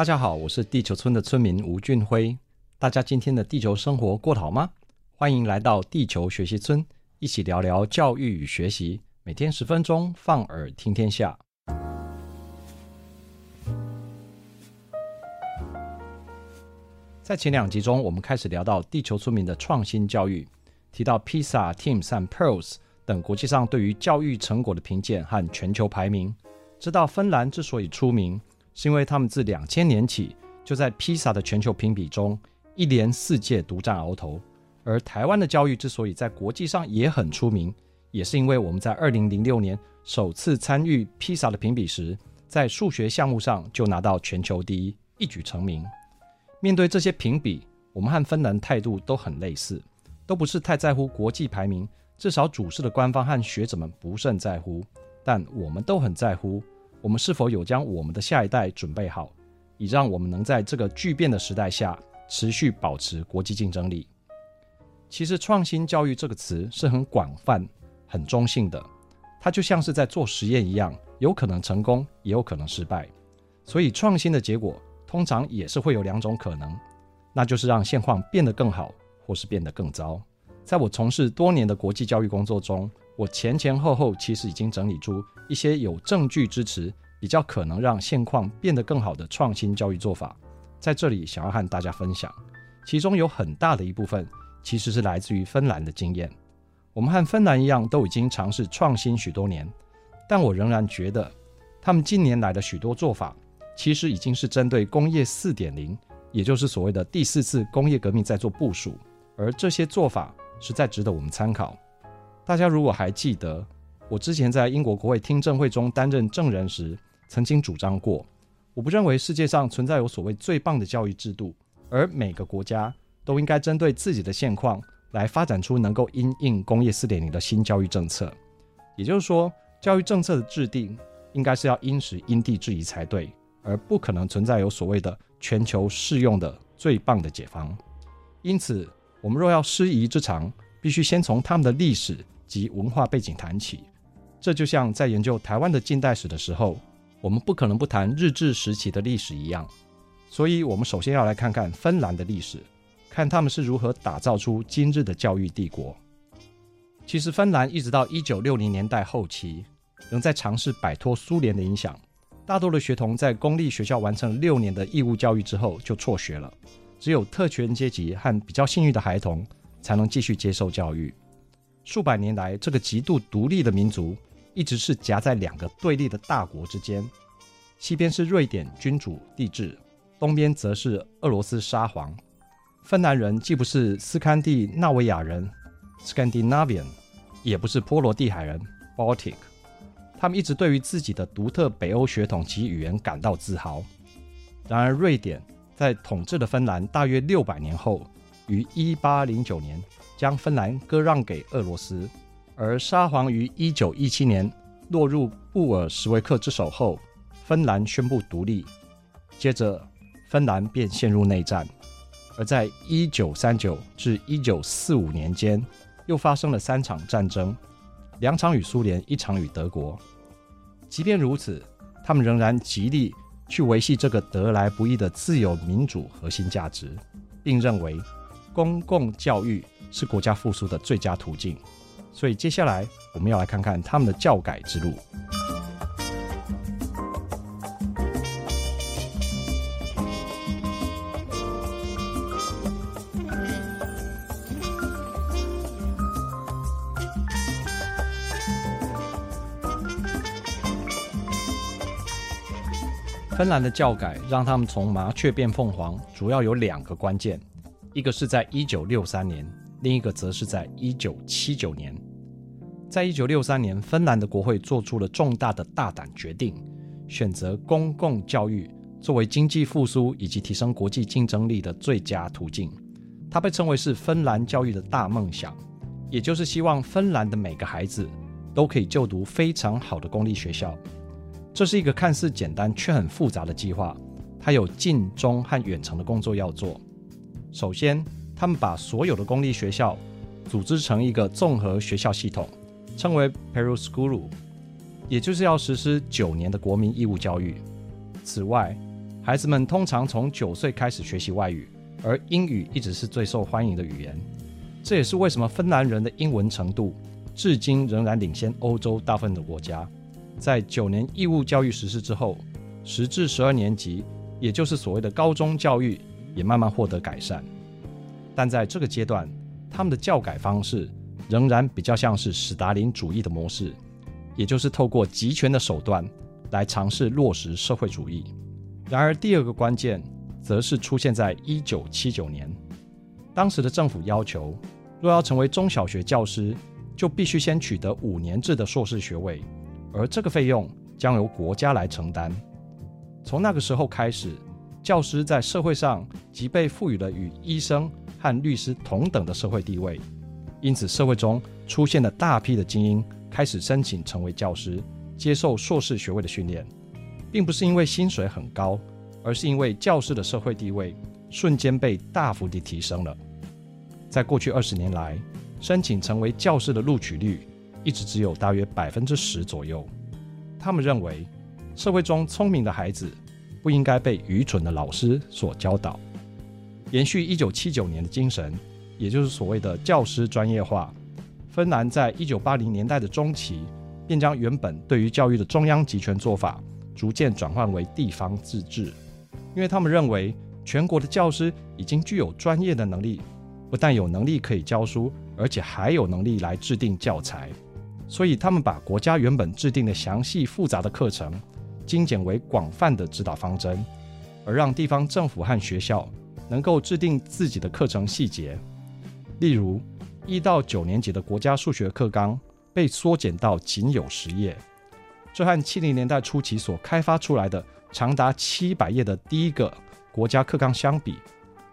大家好，我是地球村的村民吳俊輝。大家今天的地球生活過得好嗎？歡迎來到地球學習村，一起聊聊教育與學習。每天十分鐘，放耳聽天下。在前兩集中，我們開始聊到地球村民的創新教育，提到 PISA、TIMSS 和 Pearls 等國際上對於教育成果的評鑑和全球排名，知道芬蘭之所以出名。是因為他們自兩千年起就在 PISA 的全球評比中一連四屆獨占鰲頭，而台灣的教育之所以在國際上也很出名，也是因為我們在二零零六年首次參與 PISA 的評比時，在數學項目上就拿到全球第一，一舉成名。面對這些評比，我們和芬蘭態度都很類似，都不是太在乎國際排名，至少主事的官方和學者們不甚在乎，但我們都很在乎，我們是否有將我們的下一代準備好，以讓我們能在這個巨變的時代下持續保持國際競爭力？其實，創新教育這個詞是很廣泛、很中性的，它就像是在做實驗一樣，有可能成功，也有可能失敗。所以，創新的結果通常也是會有兩種可能，那就是讓現況變得更好，或是變得更糟。在我從事多年的國際教育工作中，我前前後後其實已經整理出一些有證據支持、比較可能讓現況變得更好的創新教育做法，在這裡想要和大家分享。其中有很大的一部分其實是來自於芬蘭的經驗。我們和芬蘭一樣都已經嘗試創新許多年，但我仍然覺得他們近年來的許多做法，其實已經是針對工業四點零，也就是所謂的第四次工業革命在做部署，而這些做法實在值得我們參考。大家如果還記得，我之前在英國國會聽證會中擔任證人時，曾經主張過，我不認為世界上存在有所謂最棒的教育制度，而每個國家都應該針對自己的現況來發展出能夠因應工業四點零的新教育政策。也就是說，教育政策的制定應該是要因時因地制宜才對，而不可能存在有所謂的全球適用的最棒的解方。因此，我們若要師夷之長，必須先從他們的歷史。及文化背景談起，這就像在研究台灣的近代史的時候，我們不可能不談日治時期的歷史一樣。所以，我們首先要來看看芬蘭的歷史，看他們是如何打造出今日的教育帝國。其實，芬蘭一直到一九六零年代後期，仍在嘗試擺脫蘇聯的影響。大多的學童在公立學校完成六年的義務教育之後就輟學了，只有特權階級和比較幸運的孩童才能繼續接受教育。數百年來，這個極度獨立的民族一直是夾在兩個對立的大國之間：西邊是瑞典君主帝制，東邊則是俄羅斯沙皇。芬蘭人既不是斯堪的納維亞人 （Scandinavian），也不是波羅的海人 （Baltic）。他們一直對於自己的獨特北歐血統及語言感到自豪。然而，瑞典在統治了芬蘭大約六百年後，於一八零九年將芬蘭割讓給俄羅斯，而沙皇於一九一七年落入布爾什維克之手後，芬蘭宣布獨立。接着，芬蘭便陷入內戰，而在一九三九至一九四五年間，又發生了三場戰爭，兩場與蘇聯，一場與德國。即便如此，他們仍然極力去維繫這個得來不易的自由民主核心價值，並認為，公共教育是國家復甦的最佳途徑，所以接下來我們要來看看他們的教改之路。芬蘭的教改讓他們從麻雀變鳳凰，主要有兩個關鍵。一個是在一九六三年，另一個則是在一九七九年。在一九六三年，芬蘭的國會做出了重大的大膽決定，選擇公共教育作為經濟復甦以及提升國際競爭力的最佳途徑。它被稱為是芬蘭教育的大夢想，也就是希望芬蘭的每個孩子都可以就讀非常好的公立學校。這是一個看似簡單卻很複雜的計劃，它有近中和遠程的工作要做。首先，他們把所有的公立學校組織成一個綜合學校系統，稱為 Peruskoulu，也就是要實施九年的國民義務教育。此外，孩子們通常從九歲開始學習外語，而英語一直是最受歡迎的語言。這也是為什麼芬蘭人的英文程度至今仍然領先歐洲大部分的國家。在九年義務教育實施之後，十至十二年級，也就是所謂的高中教育。也慢慢獲得改善，但在這個階段，他們的教改方式仍然比較像是史達林主義的模式，也就是透過集權的手段來嘗試落實社會主義。然而，第二個關鍵則是出現在一九七九年，當時的政府要求，若要成為中小學教師，就必須先取得五年制的碩士學位，而這個費用將由國家來承擔。從那個時候開始，教師在社會上即被賦予了與醫生和律師同等的社會地位，因此社會中出現了大批的精英開始申請成為教師，接受碩士學位的訓練，並不是因為薪水很高，而是因為教師的社會地位瞬間被大幅地提升了。在過去二十年來，申請成為教師的錄取率一直只有大約百分之十左右。他們認為，社會中聰明的孩子。不應該被愚蠢的老師所教導。延續1979年的精神，也就是所謂的教師專業化，芬蘭在1980年代的中期便將原本對於教育的中央集權做法，逐漸轉換為地方自治，因為他們認為全國的教師已經具有專業的能力，不但有能力可以教書，而且還有能力來制定教材，所以他們把國家原本制定的詳細複雜的課程。精簡為廣泛的指導方針，而讓地方政府和學校能夠制定自己的課程細節。例如，一到九年級的國家數學課綱被縮減到僅有十頁，這和七零年代初期所開發出來的長達七百頁的第一個國家課綱相比，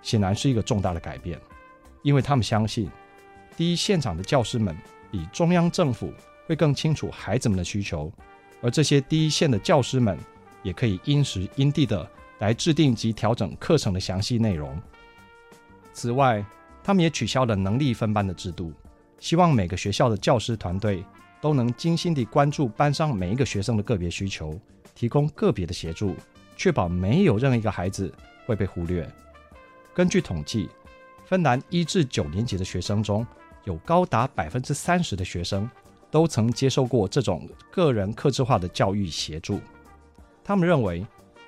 顯然是一個重大的改變。因為他們相信，第一現場的教師們比中央政府會更清楚孩子們的需求。而這些第一線的教師們，也可以因時因地地來制定及調整課程的詳細內容。此外，他們也取消了能力分班的制度，希望每個學校的教師團隊都能精心地關注班上每一個學生的個別需求，提供個別的協助，確保沒有任何一個孩子會被忽略。根據統計，芬蘭一至九年級的學生中有高達百分之三十的學生。都曾接受過這種個人客製化的教育協助，他們認為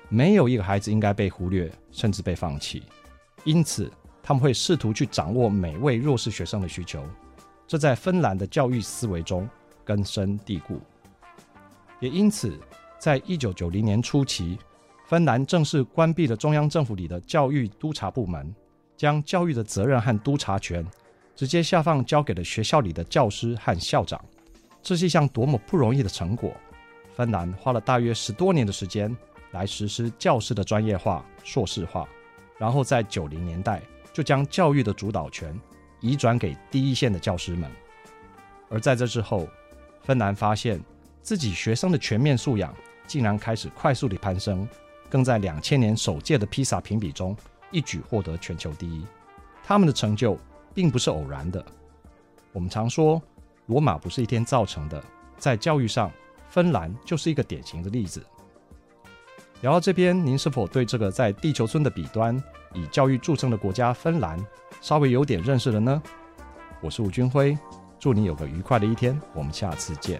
沒有一個孩子應該被忽略，甚至被放棄，因此他們會試圖去掌握每位弱勢學生的需求，這在芬蘭的教育思維中根深蒂固。也因此，在一九九零年初期，芬蘭正式關閉了中央政府裡的教育督察部門，將教育的責任和督察權直接下放交給了學校裡的教師和校長。這是一項多麼不容易的成果！芬蘭花了大約十多年的時間來實施教師的專業化、碩士化，然後在九零年代就將教育的主導權移轉給第一線的教師們。而在這之後，芬蘭發現自己學生的全面素養竟然開始快速地攀升，更在兩千年首屆的 PISA 評比中一舉獲得全球第一。他們的成就並不是偶然的。我們常說。羅馬不是一天造成的，在教育上，芬蘭就是一個典型的例子。聊到這邊，您是否對這個在地球村的彼端以教育著稱的國家芬蘭稍微有點認識了呢？我是吳俊輝，祝您有個愉快的一天，我們下次見。